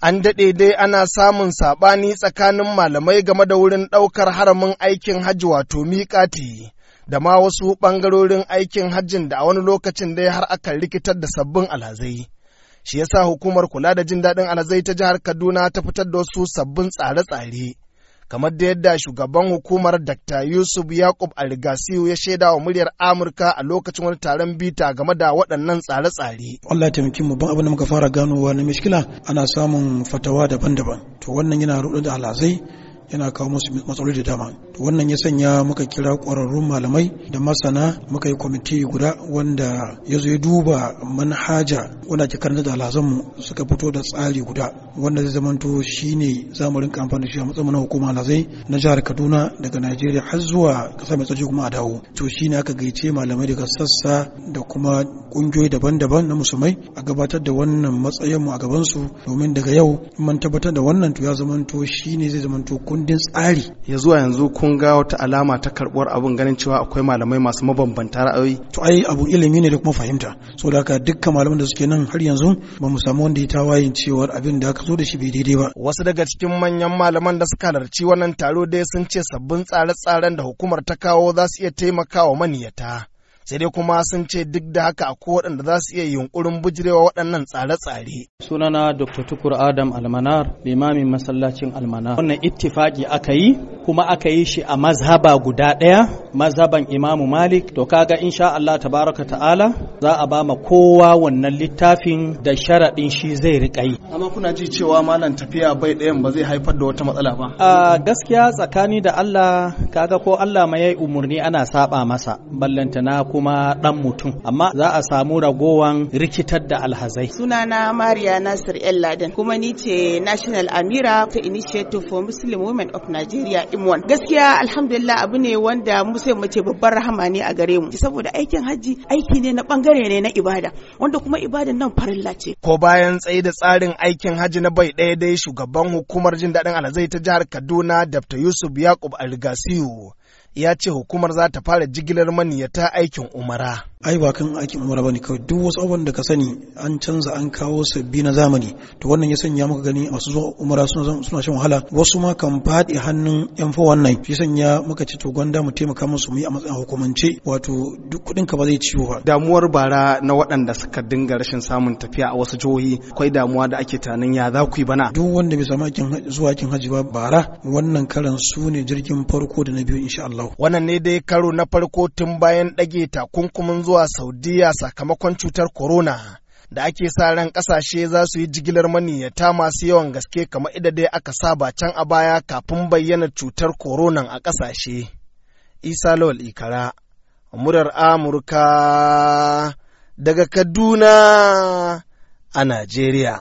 An daɗe dai ana samun saɓani tsakanin malamai game da wurin ɗaukar haramin aikin hajji wato miƙati da ma wasu ɓangarorin aikin hajjin da a wani lokacin dai har akan rikitar da sabbin alhazai. Shi yasa hukumar kula da jin daɗin alhazai ta jihar Kaduna ta fitar da wasu sabbin tsare-tsare kamar da yadda shugaban hukumar Dr. Yusuf Yakub Algasiu ya shaida wa muryar Amurka a lokacin wani taron bita game da waɗannan tsare-tsare. Allah taimaki mu ban abin da muka fara ganowa na mishkila ana samun fatawa daban-daban. To wannan yana rudu da alhazai yana kawo musu matsaloli da dama wannan ya sanya muka kira ƙwararrun malamai da masana muka yi kwamiti guda wanda ya zo ya duba manhaja wanda ke karanta da alhazanmu suka fito da tsari guda wanda zai zamanto shine za mu rinka amfani shi a matsayin na hukuma alhazai na jihar kaduna daga najeriya har zuwa ƙasa mai tsarki kuma a dawo to shi ne aka gaice malamai daga sassa da kuma ƙungiyoyi daban-daban na musulmai a gabatar da wannan matsayinmu a gabansu domin daga yau in tabbatar da wannan to ya zamanto ne zai zamanto kundin tsari ya zuwa yanzu kun ga wata alama ta karbuwar abun ganin cewa akwai malamai masu mabambanta ra'ayoyi to ai abu ilimi ne da kuma fahimta da haka dukkan malaman da suke nan har yanzu ba mu samu wanda ya wayin cewa abin da aka zo da shi bai daidai ba wasu daga cikin manyan malaman da suka halarci wannan taro dai sun ce sabbin tsare-tsaren da hukumar ta kawo za su iya taimakawa maniyata sai dai kuma sun ce duk da haka akwai waɗanda za su iya yunkurin bujirewa waɗannan tsare-tsare. sunana dr tukur adam almanar limamin masallacin almanar wannan ittifaki aka yi kuma aka yi shi a mazhaba guda ɗaya mazhaban imamu malik to kaga insha Allah tabaraka ta'ala za a ba ma kowa wannan littafin da sharaɗin shi zai riƙa yi amma kuna ji cewa malam tafiya bai ɗayan ba zai haifar da wata matsala ba a gaskiya tsakani da Allah kaga ko Allah ma yayi umurni ana saba masa ballantana kuma ɗan mutum amma za a samu ragowan rikitar da alhazai sunana Mariya Nasir El Laden kuma ni ce National Amira ta Initiative for Muslim Women of Nigeria gaskiya alhamdulillah abu ne wanda mu sai mu ce babbar rahama ne a gare mu saboda aikin hajji aiki ne na bangare ne na ibada wanda kuma ibadan nan farilla ce ko bayan tsaye da tsarin aikin hajji na bai ɗaya dai shugaban hukumar jin daɗin alazai ta jihar Kaduna Dr. Yusuf Yakub Algasiyu ya ce hukumar za ta fara jigilar maniyata aikin umara. Ai ba kan aikin umara ba ne kawai duk wasu abubuwan da ka sani an canza an kawo sabbi na zamani to wannan ya sanya muka gani masu zuwa umara suna shan wahala wasu ma kan faɗi hannun yan fa wannan shi sanya muka ci to gwanda mu taimaka musu mu yi a matsayin hukumance wato duk kuɗin ka ba zai ciwo ba. Damuwar bara na waɗanda suka dinga rashin samun tafiya a wasu jihohi akwai damuwa da ake tunanin ya za ku yi bana. Duk wanda bai samu zuwa aikin hajji ba bara wannan karan su ne jirgin farko da na biyu in insha Allah. Wannan ne dai karo na farko tun bayan ɗage takunkumin zuwa Saudiya sakamakon cutar corona. da ake sa ran ƙasashe za su yi jigilar maniyyata masu yawan gaske kamar ida dai aka saba can a baya kafin bayyana cutar koronan a ƙasashe, Isa Lawal Ikara, murar Amurka daga Kaduna a Najeriya.